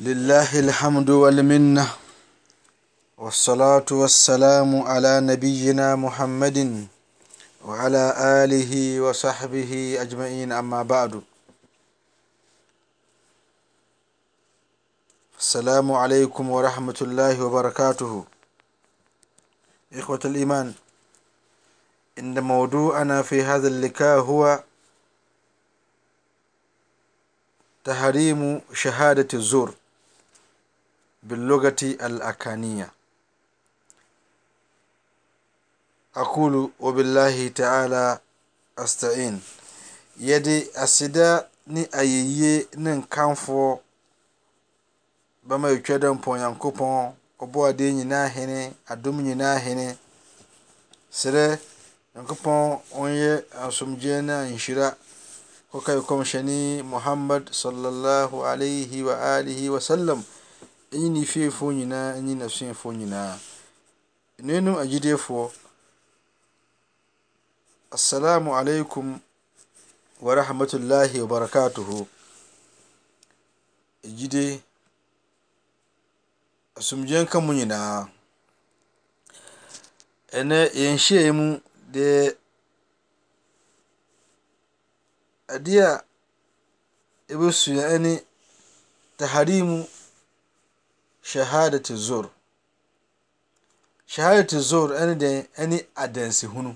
لله الحمد والمنة والصلاة والسلام على نبينا محمد وعلى آله وصحبه أجمعين أما بعد السلام عليكم ورحمة الله وبركاته إخوة الإيمان إن موضوعنا في هذا اللقاء هو تحريم شهادة الزور باللغة الأكانية أقول وبالله تعالى أستعين يدي أسدا ni ayeye ne nkamfoɔ bɛma yɛtwa dɛ na nyankopɔn ɔbɔ adeɛ nyinaa hene adom nyinaa hene serɛ nyankopɔn ɔnyɛ asomdwoeɛ no a nhyira kɔka yɛ kɔmhyɛne muhammad sallallahu alaihi wa alihi ɛnyi ne fiefoɔ nyinaa ne n'asuafoɔ nyinaa. Anuanom agyidifoɔ, asalaamu alaikum wa rahmatulahi wa barakatuhu. agyide asomdwe nka mu nyinaa. ɛnɛ yɛn mu de adeɛ a ɛbɛsua ne taharimu shahadati zur shahadati zur ɛne deɛ ɛne adansehunu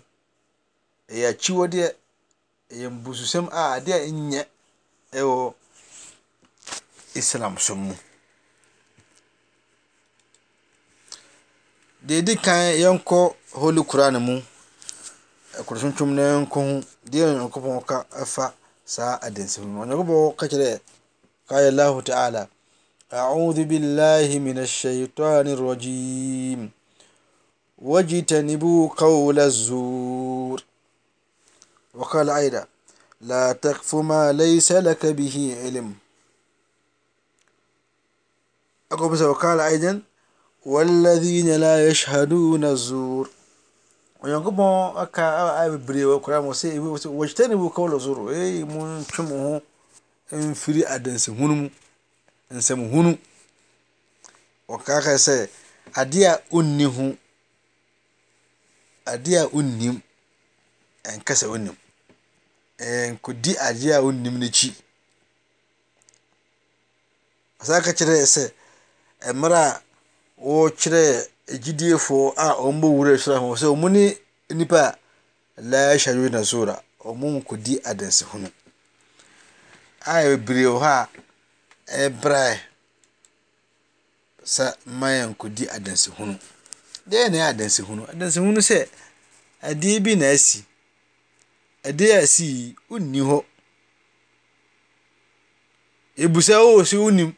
ɛyɛ e akyiwadeɛ ɛyɛ e mbususɛm a adeɛ a ɛnyɛ ɛwɔ e islam so mu deɛ ɛdi kan yɛnkɔ holy quran mu ɛkorosontwom na yɛnkɔ ho deɛ onyankopɔn ka ɛfa saa adansehunu onyankopɔn ka kyerɛ kayɛ lahu ta'ala أعوذ بالله من الشيطان الرجيم واجتنبوا قول الزور وقال أيضا لا تقف ما ليس لك به علم أقول وقال أيضا والذين لا يشهدون الزور onyankopɔn aka a bebree nsamhunu ɔkaaka sɛ adeɛadeɛa onim ɔkɛsɛ oni kɔdi aeɛaonnim nkyi ɔsaka kyerɛ sɛ merɛa wokyerɛ gyidiefoɔ a ɔbɔ wurɛ srahsɛ omune nipaa lahyɛwoyinasora ɔmkɔdi adashunbre ɔ hɔ ɛbra sa ma yɛnkɔdi adashunu deɛneɛadashunu adashunu sɛ adeɛ bi naasi adeɛ asii wonni hɔ busa wɔ sɛ wo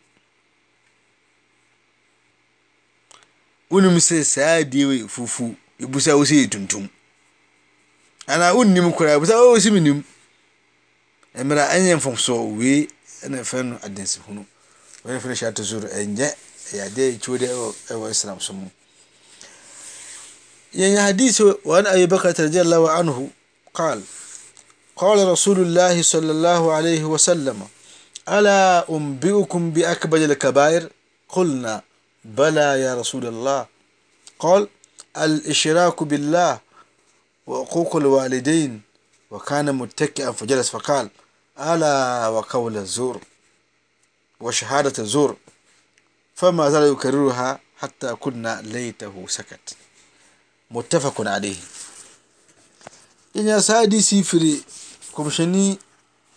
wonm sɛ saa de ɛfufu busa wo sɛyɛtuntum anaa wonnim koraa usa smnnim a ɛyɛfosoɔi ɛna ɛfɛ no adansi wɔyɛ fɛrɛ hyɛ ato ɛnyɛ ɛyɛ ekyiwo deɛ ɛwɔ ɛwɔ islam so mu yɛn hadisi wɔn ayi bɛka tɛrɛdɛ lawa anhu kaal قال رسول الله صلى الله عليه وسلم ألا أنبئكم بأكبر الكبائر قلنا بلى يا رسول الله قال الإشراك بالله وعقوق الوالدين وكان متكئا فجلس فقال ألا وقول الزور وشهادة الزور فما زال يكررها حتى كنا ليته سكت متفق عليه إن سادي سيفري كمشني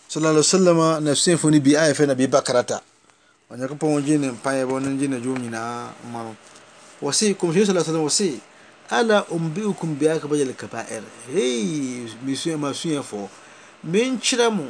صلى الله عليه وسلم نفسي فني بآية فينا ببكرتا wani kafa wani ne paya ba wani jina jomi na umaru wasi kuma sallallahu alaihi wasi ala umbi ukun biya ka bajal kaba'ir hey mi suya ma suya min cira mu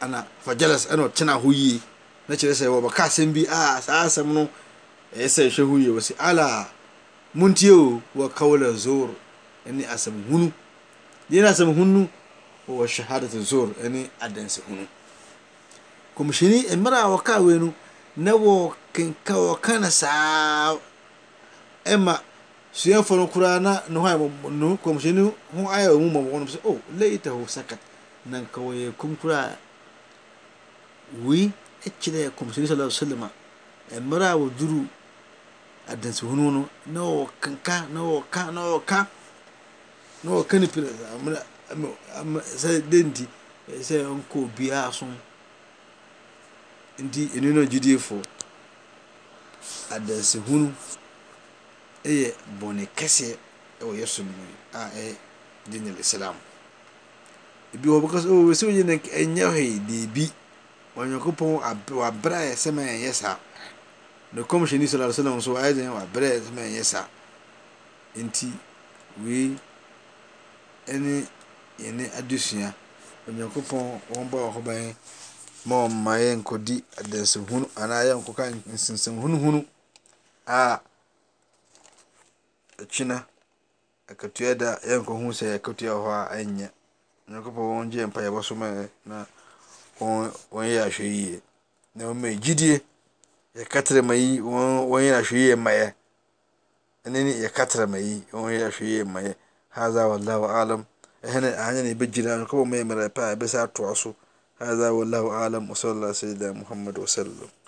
ana fa jealous ana ɔtena hɔ yie na kyerɛ sɛ ka asɛm bi a saa asɛm no ɛyɛ eh, sɛ ɛhwɛ ho yie wɔ se ala montie o wɔ kawla zor ɛne asɛm hunu deɛ ne asɛm hunu wɔ shahadat zor ɛne adanse hunu kɔmhyɛni mmerɛ a wɔka wei no na wɔkenka wɔka na saa ɛma suafo no koraa na ne ho ayɛ no kɔmhyɛni ho ayɛ mu mɔbɔɔ no sɛ o oh, leitahu sakat nan nka wɔyɛ kum koraa wei kyirɛkomseresasalema meraa wa duru adansɛhunun na w kkakapiɛkɔɔbiaa soŋ nti nunagidie fo adansihunu yɛ bɔni kɛseɛ w yɛs din alissalam ɛdeei onyankopɔn wɔaberɛ sɛma yɛyɛ saa no kɔmhɛni sl a salam sewɔbrɛ sɛ ɛyɛ saa nti eine ɛne adesua onyankopɔn wɔ bɔ whɔ ba ma mayɛkɔd ɛ n a kina akatuadaɔh sɛ akatua wɔhɔ ya nyankopɔn ɔgyepaybɔsoma won yashooyie na wɔma gyidie ma yi wɔn yashooyie mmayɛ ɛne ne ma yi wɔn yashooyie mmayɛ هذا والله أعلم هنا هنا بجري أنا كم ما يمر بقى بس أتواصل هذا والله أعلم وصلى الله سيدنا محمد وسلم